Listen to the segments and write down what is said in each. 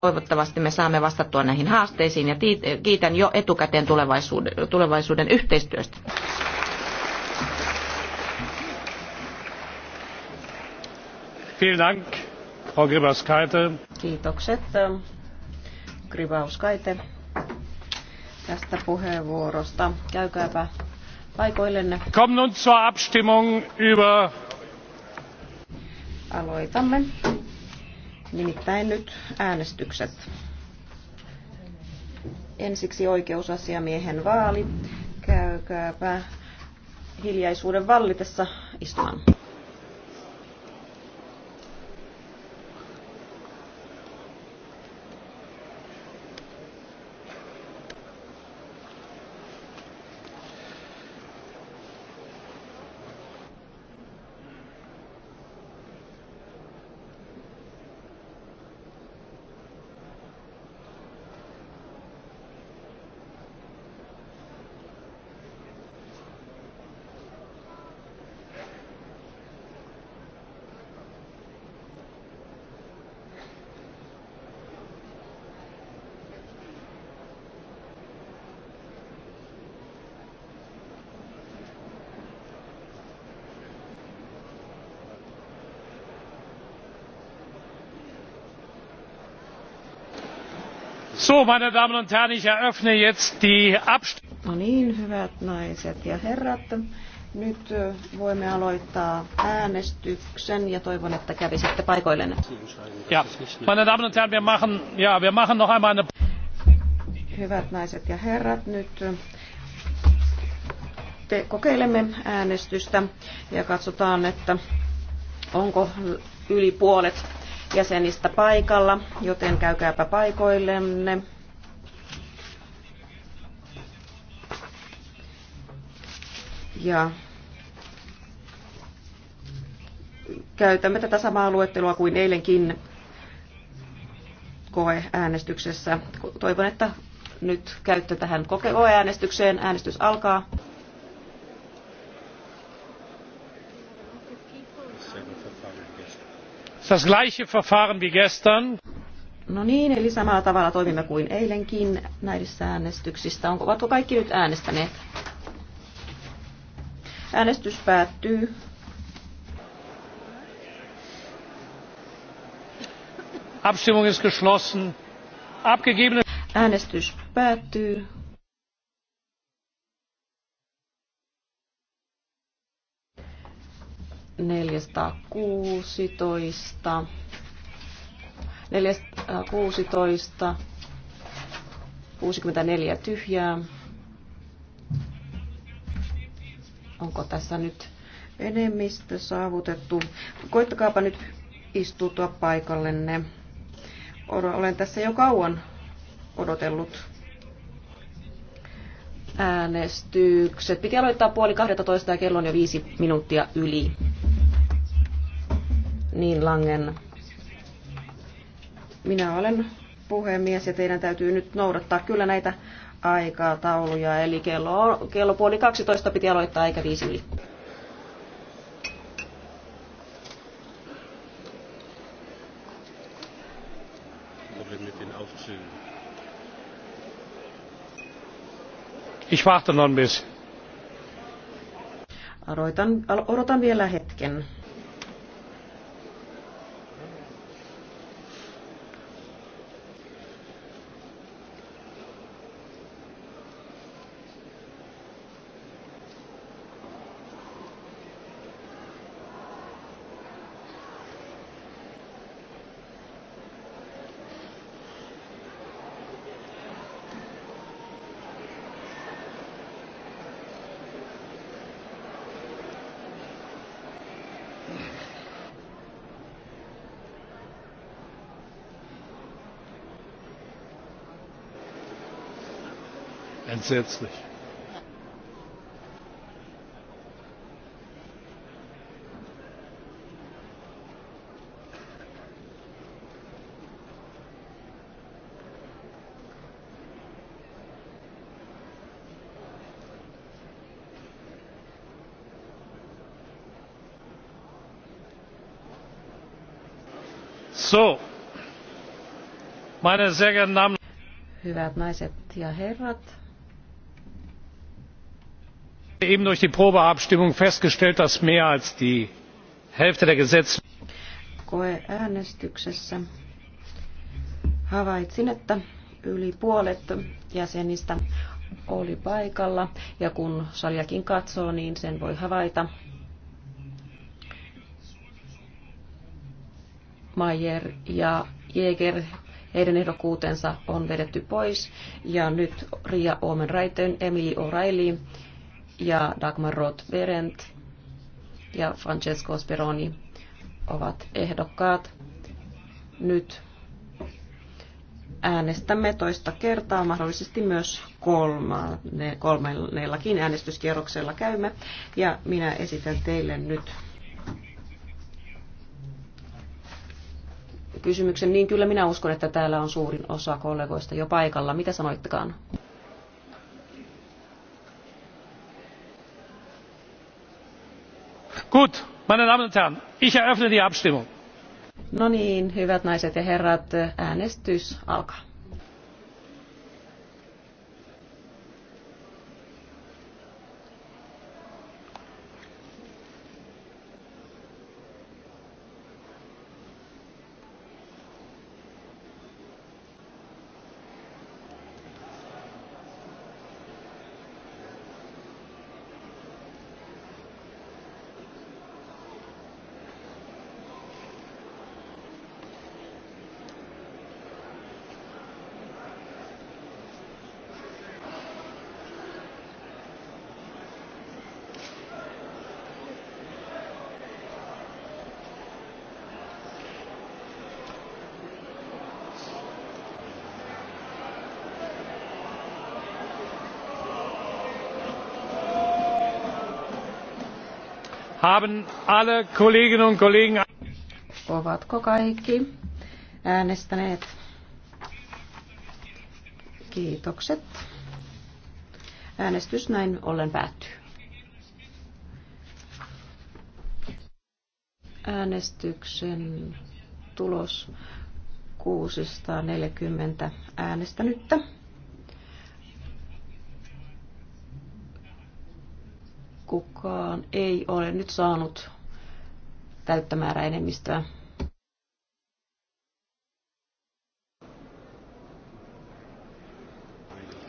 Toivottavasti me saamme vastattua näihin haasteisiin ja kiitän jo etukäteen tulevaisuuden, tulevaisuuden yhteistyöstä. Frau Kiitokset, Gribauskaite, tästä puheenvuorosta. Käykääpä paikoillenne. Kommen nun zur Abstimmung über... Aloitamme Nimittäin nyt äänestykset. Ensiksi oikeusasiamiehen vaali. Käykääpä hiljaisuuden vallitessa istumaan. meine Damen und Herren, ich eröffne jetzt die Abstimmung. No niin, hyvät naiset ja herrat. Nyt voimme aloittaa äänestyksen ja toivon, että kävisitte paikoillenne. Ja, meine Damen und Herren, wir machen, ja, wir machen noch einmal eine... Hyvät naiset ja herrat, nyt te kokeilemme äänestystä ja katsotaan, että onko yli puolet jäsenistä paikalla, joten käykääpä paikoillenne. Ja käytämme tätä samaa luettelua kuin eilenkin koeäänestyksessä. Toivon, että nyt käyttö tähän koeäänestykseen. Äänestys alkaa. das gleiche verfahren wie gestern. No niin, eli samalla tavalla toimimme kuin eilenkin näissä äänestyksissä. Onko, ovatko kaikki nyt äänestäneet? Äänestys päättyy. Abstimmung ist geschlossen. Abgegebene Äänestys päättyy. 416, 416, 64 tyhjää. Onko tässä nyt enemmistö saavutettu? Koittakaapa nyt istutua paikallenne. Olen tässä jo kauan odotellut äänestykset. Piti aloittaa puoli 12 ja kello on jo viisi minuuttia yli niin langen. Minä olen puhemies ja teidän täytyy nyt noudattaa kyllä näitä aikatauluja. Eli kello, kello puoli 12 piti aloittaa eikä viisi yli. Ich warte noch ein bisschen. Odotan, odotan vielä hetken. entsetzlich. So, meine sehr geehrten Damen Hyvät naiset ja herrat, eben durch die probeabstimmung festgestellt dass mehr als die hälfte der gesetzesäänestyksessä oli paikalla ja kun saliakin katsoo niin sen voi havaita Mayer ja Jäger heidän ehdokkuutensa on vedetty pois ja nyt Ria Omen Raiten, Emily O'Reilly ja Dagmar Roth-Berendt ja Francesco Speroni ovat ehdokkaat. Nyt äänestämme toista kertaa, mahdollisesti myös kolmanne, kolmannellakin äänestyskierroksella käymme. Ja minä esitän teille nyt kysymyksen. Niin kyllä minä uskon, että täällä on suurin osa kollegoista jo paikalla. Mitä sanoittekaan? Gut, meine Damen und Herren, ich eröffne die Abstimmung. No niin, hyvät naiset ja herrat, äänestys alkaa. haben alle Kolleginnen und Kollegen Ovatko kaikki äänestäneet? Kiitokset. Äänestys näin ollen päättyy. Äänestyksen tulos 640 äänestänyttä. mukaan ei ole nyt saanut täyttä määrä enemmistöä.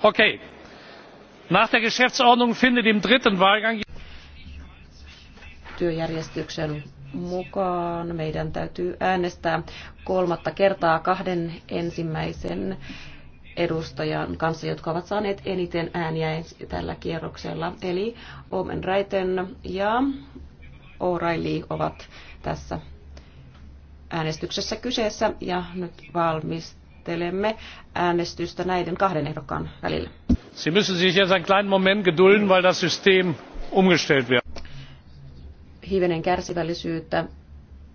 Okay. Nach der Geschäftsordnung findet im dritten Wahlgang työjärjestyksen mukaan meidän täytyy äänestää kolmatta kertaa kahden ensimmäisen edustajan kanssa, jotka ovat saaneet eniten ääniä tällä kierroksella. Eli Omen Raiten ja O'Reilly ovat tässä äänestyksessä kyseessä ja nyt valmistelemme äänestystä näiden kahden ehdokkaan välillä. Sie müssen sich jetzt einen kleinen Moment gedulden, weil das System umgestellt wird. Hivenen kärsivällisyyttä.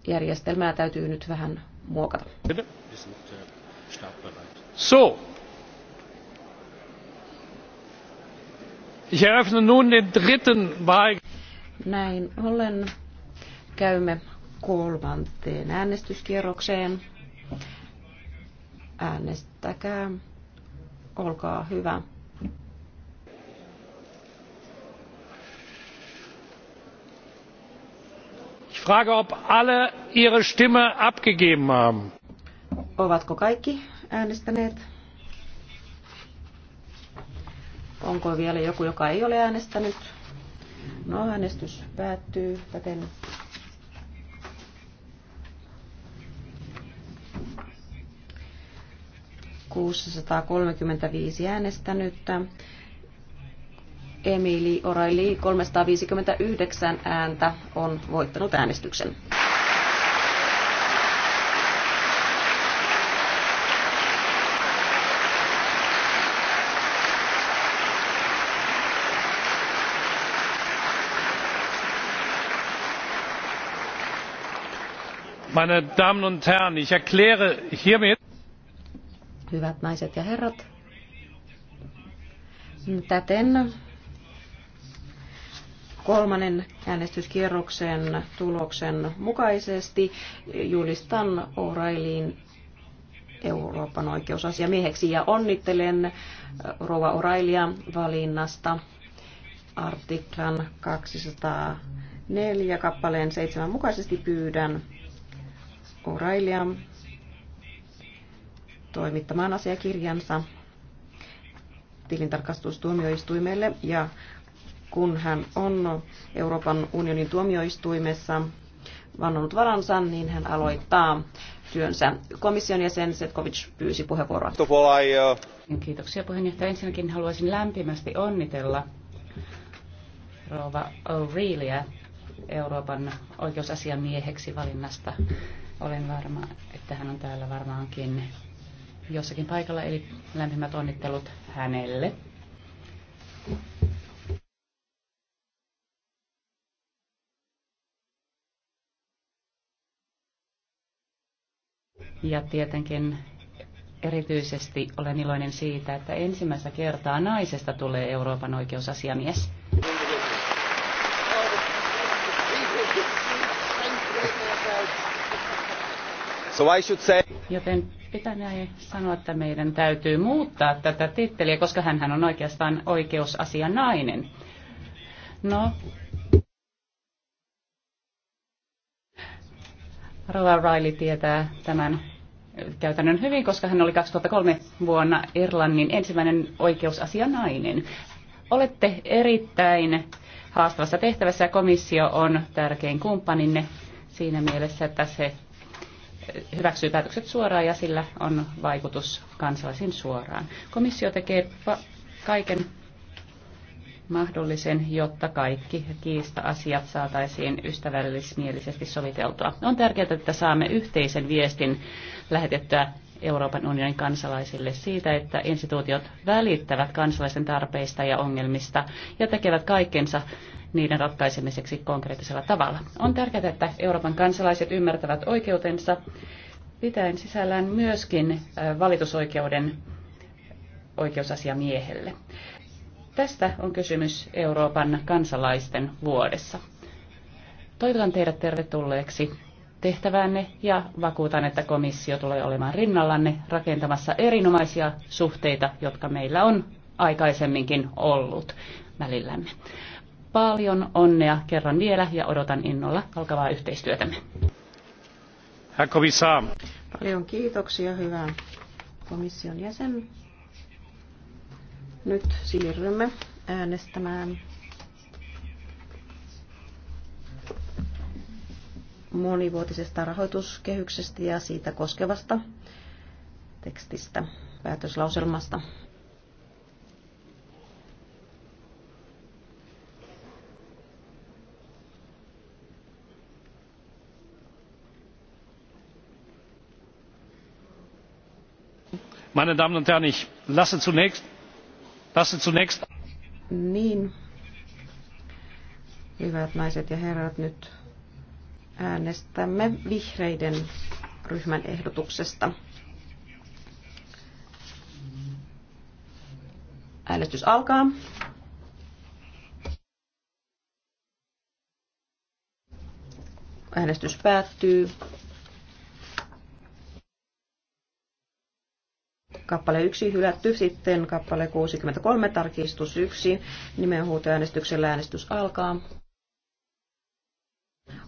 Järjestelmää täytyy nyt vähän muokata. So, Näin ollen käymme kolmanteen äänestyskierrokseen. Äänestäkää. Olkaa hyvä. Ich frage, ob alle ihre Stimme abgegeben haben. Ovatko kaikki äänestäneet? Onko vielä joku, joka ei ole äänestänyt? No, äänestys päättyy, täten ...635 äänestänyttä. Emili Oraili 359 ääntä on voittanut äänestyksen. meine Damen und Herren, ich erkläre hiermit. Hyvät naiset ja herrat, täten kolmannen äänestyskierroksen tuloksen mukaisesti julistan Orailiin Euroopan oikeusasiamieheksi ja onnittelen Rova Orailia valinnasta artiklan 204 kappaleen 7 mukaisesti pyydän Kurailija toimittamaan asiakirjansa tilintarkastustuomioistuimelle ja kun hän on Euroopan unionin tuomioistuimessa vannonut varansa, niin hän aloittaa työnsä. Komission jäsen Setkovic pyysi puheenvuoroa. Kiitoksia puheenjohtaja. Ensinnäkin haluaisin lämpimästi onnitella rouva O'Reillyä Euroopan oikeusasiamieheksi valinnasta olen varma, että hän on täällä varmaankin jossakin paikalla, eli lämpimät onnittelut hänelle. Ja tietenkin erityisesti olen iloinen siitä, että ensimmäistä kertaa naisesta tulee Euroopan oikeusasiamies. So I should say... Joten pitänee sanoa, että meidän täytyy muuttaa tätä titteliä, koska hän on oikeastaan oikeusasianainen. No, Rova Riley tietää tämän käytännön hyvin, koska hän oli 2003 vuonna Irlannin ensimmäinen oikeusasianainen. Olette erittäin haastavassa tehtävässä ja komissio on tärkein kumppaninne siinä mielessä, että se hyväksyy päätökset suoraan ja sillä on vaikutus kansalaisiin suoraan. Komissio tekee kaiken mahdollisen, jotta kaikki kiista-asiat saataisiin ystävällismielisesti soviteltua. On tärkeää, että saamme yhteisen viestin lähetettyä Euroopan unionin kansalaisille siitä, että instituutiot välittävät kansalaisten tarpeista ja ongelmista ja tekevät kaikkensa niiden ratkaisemiseksi konkreettisella tavalla. On tärkeää, että Euroopan kansalaiset ymmärtävät oikeutensa, pitäen sisällään myöskin valitusoikeuden oikeusasiamiehelle. Tästä on kysymys Euroopan kansalaisten vuodessa. Toivotan teidät tervetulleeksi tehtäväänne ja vakuutan, että komissio tulee olemaan rinnallanne rakentamassa erinomaisia suhteita, jotka meillä on aikaisemminkin ollut välillämme. Paljon onnea kerran vielä ja odotan innolla alkavaa yhteistyötämme. Herr Kommissar. Paljon kiitoksia, hyvä komission jäsen. Nyt siirrymme äänestämään monivuotisesta rahoituskehyksestä ja siitä koskevasta tekstistä, päätöslauselmasta. meine damen und herren ich lasse zunächst niin. Hyvät naiset ja herrat, nyt äänestämme vihreiden ryhmän ehdotuksesta. Äänestys alkaa. Äänestys päättyy. kappale 1 hylätty, sitten kappale 63, tarkistus 1, nimenhuutoäänestyksellä äänestys alkaa.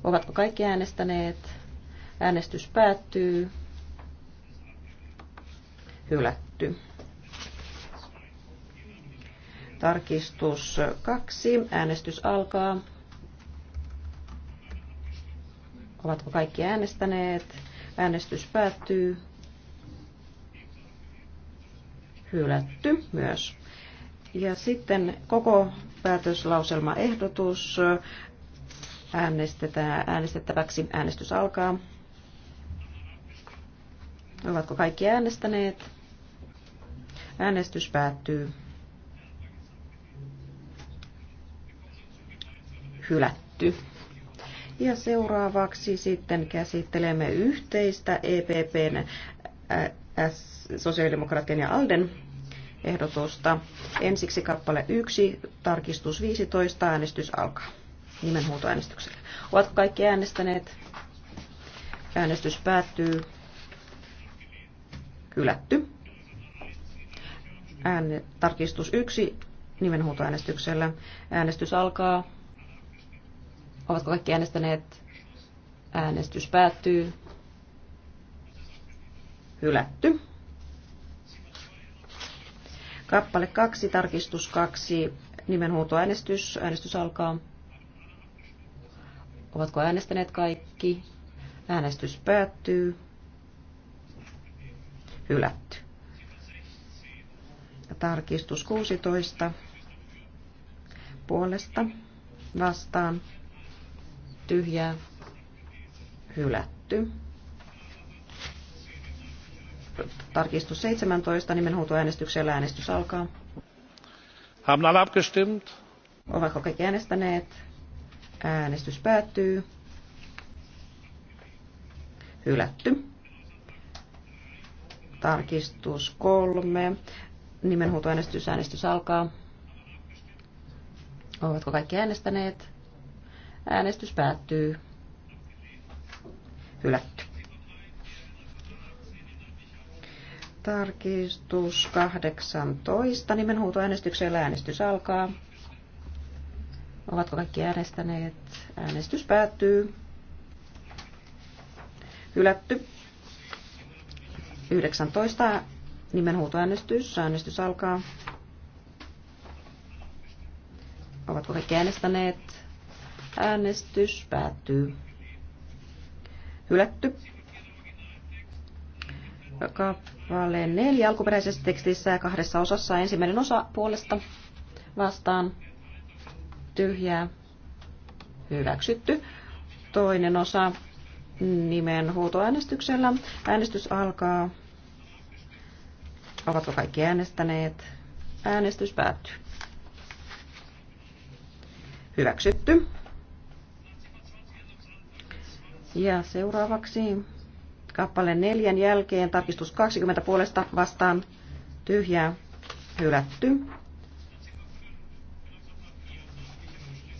Ovatko kaikki äänestäneet? Äänestys päättyy. Hylätty. Tarkistus 2. Äänestys alkaa. Ovatko kaikki äänestäneet? Äänestys päättyy hylätty myös. Ja sitten koko päätöslauselmaehdotus äänestetään, äänestettäväksi. Äänestys alkaa. Ovatko kaikki äänestäneet? Äänestys päättyy. Hylätty. Ja seuraavaksi sitten käsittelemme yhteistä EPPn sosiaalidemokraattien ja Alden ehdotusta. Ensiksi kappale 1, tarkistus 15, äänestys alkaa nimenhuutoäänestyksellä. Ovatko kaikki äänestäneet? Äänestys päättyy. Hylätty. Ääne, tarkistus 1 nimenhuutoäänestyksellä. Äänestys alkaa. Ovatko kaikki äänestäneet? Äänestys päättyy hylätty. Kappale 2, tarkistus 2, nimenhuutoäänestys. Äänestys alkaa. Ovatko äänestäneet kaikki? Äänestys päättyy. Hylätty. Tarkistus 16. Puolesta vastaan tyhjää hylätty tarkistus 17, nimenhuutoäänestyksellä äänestys alkaa. Haben alle abgestimmt? Ovatko kaikki äänestäneet? Äänestys päättyy. Hylätty. Tarkistus kolme. Nimenhuutoäänestys. Äänestys alkaa. Ovatko kaikki äänestäneet? Äänestys päättyy. Hylätty. Tarkistus 18. Nimenhuutoäänestyksellä äänestys alkaa. Ovatko kaikki äänestäneet? Äänestys päättyy. Hylätty. 19. Nimenhuutoäänestys. Äänestys alkaa. Ovatko kaikki äänestäneet? Äänestys päättyy. Hylätty kappaleen neljä alkuperäisessä tekstissä ja kahdessa osassa. Ensimmäinen osa puolesta vastaan tyhjää hyväksytty. Toinen osa nimen huutoäänestyksellä. Äänestys alkaa. Ovatko kaikki äänestäneet? Äänestys päättyy. Hyväksytty. Ja seuraavaksi Kappaleen neljän jälkeen tarkistus 20 puolesta vastaan tyhjää hylätty.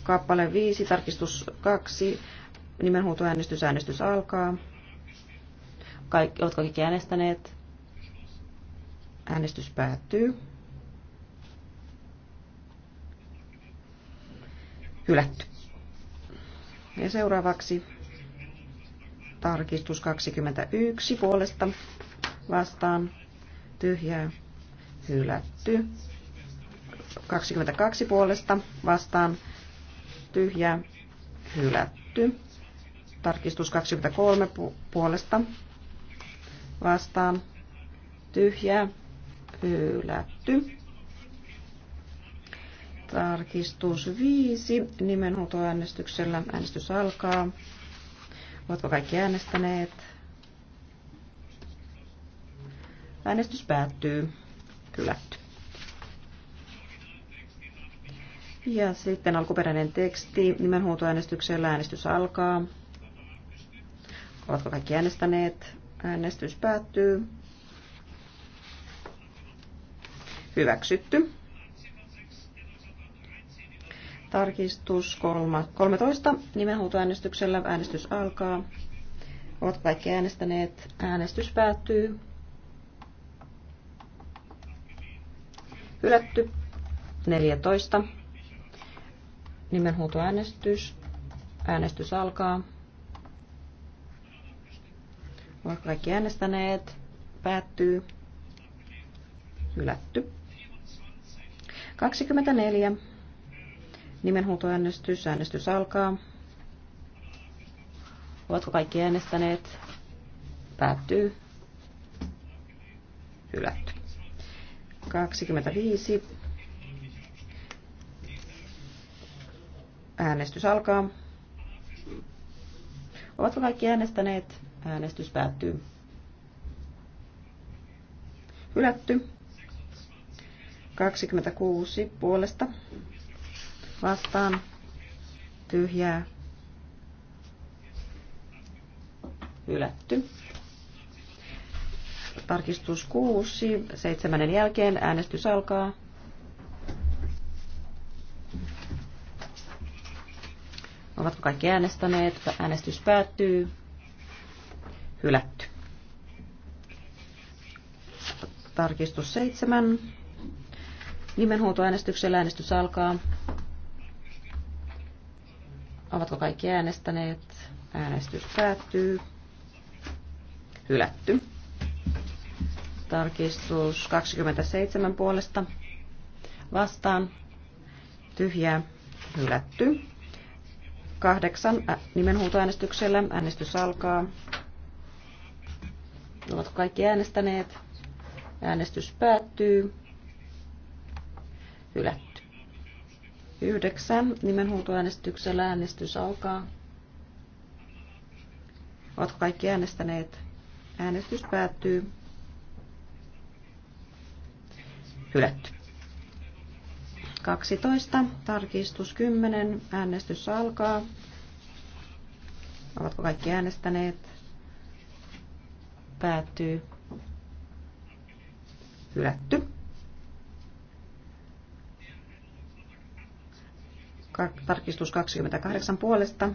Kappale 5, tarkistus 2, nimenhuutoäänestys, äänestys alkaa. Kaikki, oletko kaikki äänestäneet? Äänestys päättyy. Hylätty. Ja seuraavaksi Tarkistus 21 puolesta vastaan tyhjää hylätty. 22 puolesta vastaan tyhjää hylätty. Tarkistus 23 puolesta vastaan tyhjää hylätty. Tarkistus 5. Nimenhuutoäänestyksellä äänestys alkaa. Ovatko kaikki äänestäneet? Äänestys päättyy. Hylätty. Ja sitten alkuperäinen teksti. Nimenhuutoäänestyksellä äänestys alkaa. Ovatko kaikki äänestäneet? Äänestys päättyy. Hyväksytty. Tarkistus 13. Nimenhuutoäänestyksellä äänestys alkaa. Ovat kaikki äänestäneet. Äänestys päättyy. Hylätty. 14. Nimenhuutoäänestys. Äänestys alkaa. Ovat kaikki äänestäneet. Päättyy. Hylätty. 24. Nimenhuutoäänestys. Äänestys alkaa. Ovatko kaikki äänestäneet? Päättyy. Hylätty. 25. Äänestys alkaa. Ovatko kaikki äänestäneet? Äänestys päättyy. Hylätty. 26 puolesta vastaan tyhjää hylätty. Tarkistus 6, seitsemännen jälkeen äänestys alkaa. Ovatko kaikki äänestäneet? Äänestys päättyy. Hylätty. Tarkistus 7. Nimenhuoltoäänestyksellä äänestys alkaa. Ovatko kaikki äänestäneet? Äänestys päättyy. Hylätty. Tarkistus 27 puolesta. Vastaan. Tyhjää. Hylätty. Kahdeksan nimenhuutoäänestyksellä. Äänestys alkaa. Ovatko kaikki äänestäneet? Äänestys päättyy. Hylätty. Yhdeksän. Nimenhuutoäänestyksellä äänestys alkaa. Ovatko kaikki äänestäneet? Äänestys päättyy. Hylätty. 12. Tarkistus 10. Äänestys alkaa. Ovatko kaikki äänestäneet? Päättyy. Hylätty. Tarkistus 28 puolesta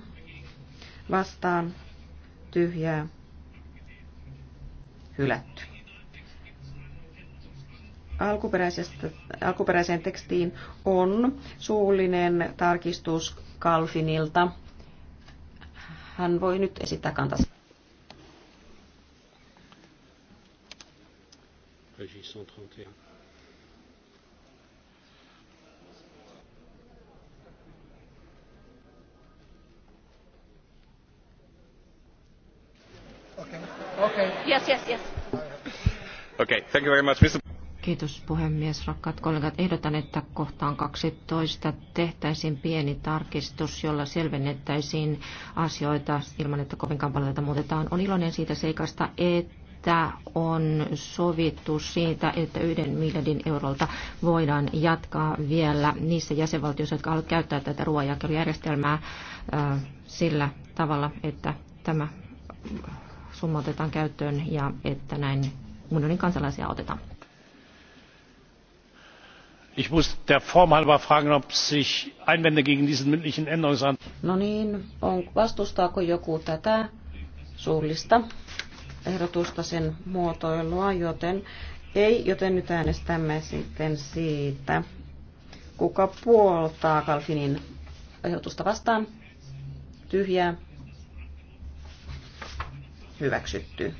vastaan tyhjää hylätty. Alkuperäisestä, alkuperäiseen tekstiin on suullinen tarkistus Kalfinilta. Hän voi nyt esittää kantansa. Régis 131. Kiitos puhemies. Rakkaat kollegat, ehdotan, että kohtaan 12 tehtäisiin pieni tarkistus, jolla selvennettäisiin asioita ilman, että kovinkaan paljon muutetaan. On iloinen siitä seikasta, että että on sovittu siitä, että yhden miljardin eurolta voidaan jatkaa vielä niissä jäsenvaltioissa, jotka haluavat käyttää tätä ruoanjakelujärjestelmää äh, sillä tavalla, että tämä summa otetaan käyttöön ja että näin unionin kansalaisia otetaan. Ich muss der Form halber fragen, ob sich Einwände gegen diesen mündlichen Änderungsantrag. No niin, on, vastustaako joku tätä suullista ehdotusta sen muotoilua, joten ei, joten nyt äänestämme sitten siitä, kuka puoltaa Kalfinin ehdotusta vastaan. Tyhjää hyväksytty.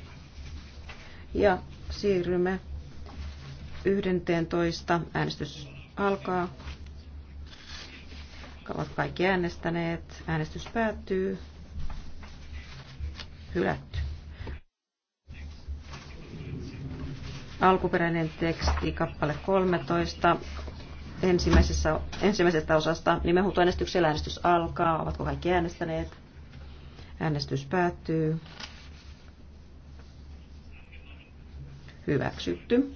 Ja siirrymme 11. Äänestys alkaa. Ovat kaikki äänestäneet. Äänestys päättyy. Hylätty. Alkuperäinen teksti, kappale 13. Ensimmäisessä, ensimmäisestä osasta nimenhuutoäänestyksellä äänestys alkaa. Ovatko kaikki äänestäneet? Äänestys päättyy. hyväksytty.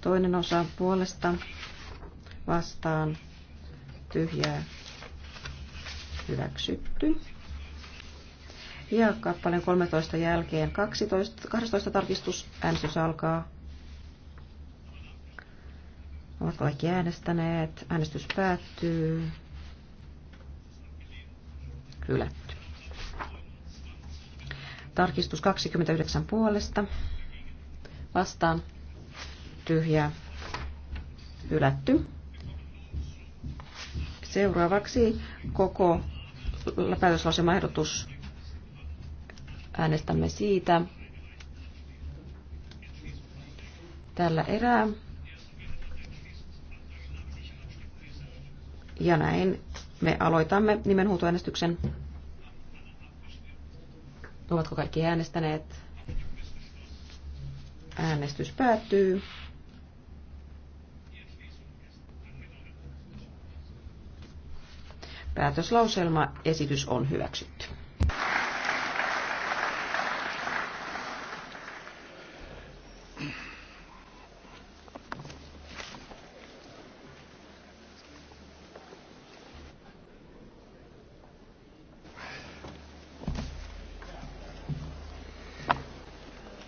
Toinen osa puolesta vastaan tyhjää hyväksytty. Ja kappaleen 13 jälkeen 12, 12 tarkistus, äänestys alkaa. Ovatko kaikki äänestäneet? Äänestys päättyy. Hylätty. Tarkistus 29 puolesta. Vastaan tyhjää hylätty. Seuraavaksi koko päätöslausemaehdotus. Äänestämme siitä tällä erää. Ja näin me aloitamme nimenhuutoäänestyksen. Ovatko kaikki äänestäneet? Äänestys päättyy. Päätöslauselma esitys on hyväksytty.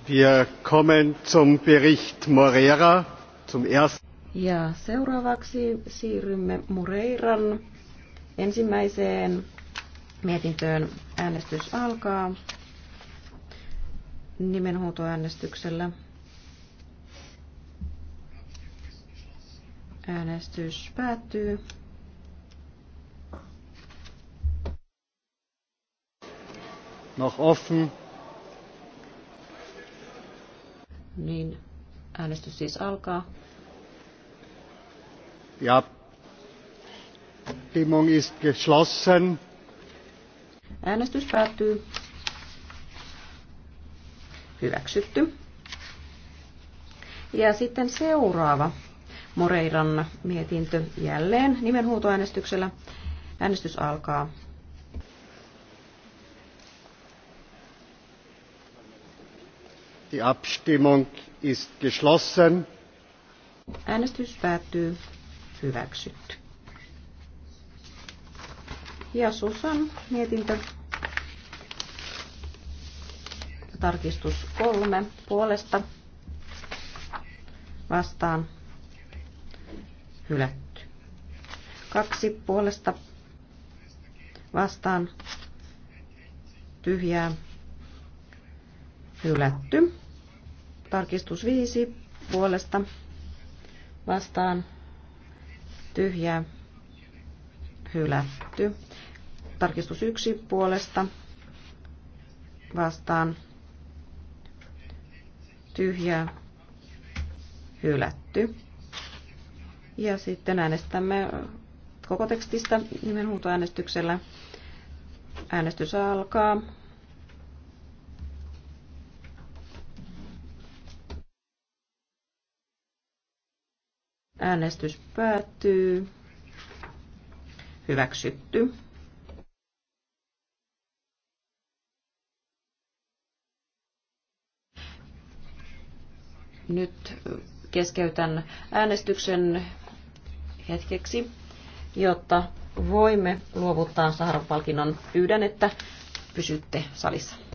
Wir kommen zum Bericht Moreira, zum ersten. Ja seuraavaksi siirrymme Moreiran ensimmäiseen mietintöön. Äänestys alkaa nimenhuutoäänestyksellä. Äänestys päättyy. Noch offen. Niin, äänestys siis alkaa. Ja Stimmung ist geschlossen. Äänestys päättyy. Hyväksytty. Ja sitten seuraava Moreiran mietintö jälleen nimenhuutoäänestyksellä. Äänestys alkaa. Die Abstimmung ist geschlossen. Äänestys päättyy. Hyväksytty. Ja Susan mietintö. Tarkistus kolme puolesta vastaan hylätty. Kaksi puolesta vastaan tyhjää Hylätty. Tarkistus 5 puolesta vastaan tyhjä hylätty. Tarkistus 1 puolesta vastaan tyhjä hylätty. Ja sitten äänestämme koko tekstistä nimenhuutoäänestyksellä. Äänestys alkaa. Äänestys päättyy. Hyväksytty. Nyt keskeytän äänestyksen hetkeksi, jotta voimme luovuttaa Saharan palkinnon Pyydän, että pysytte salissa.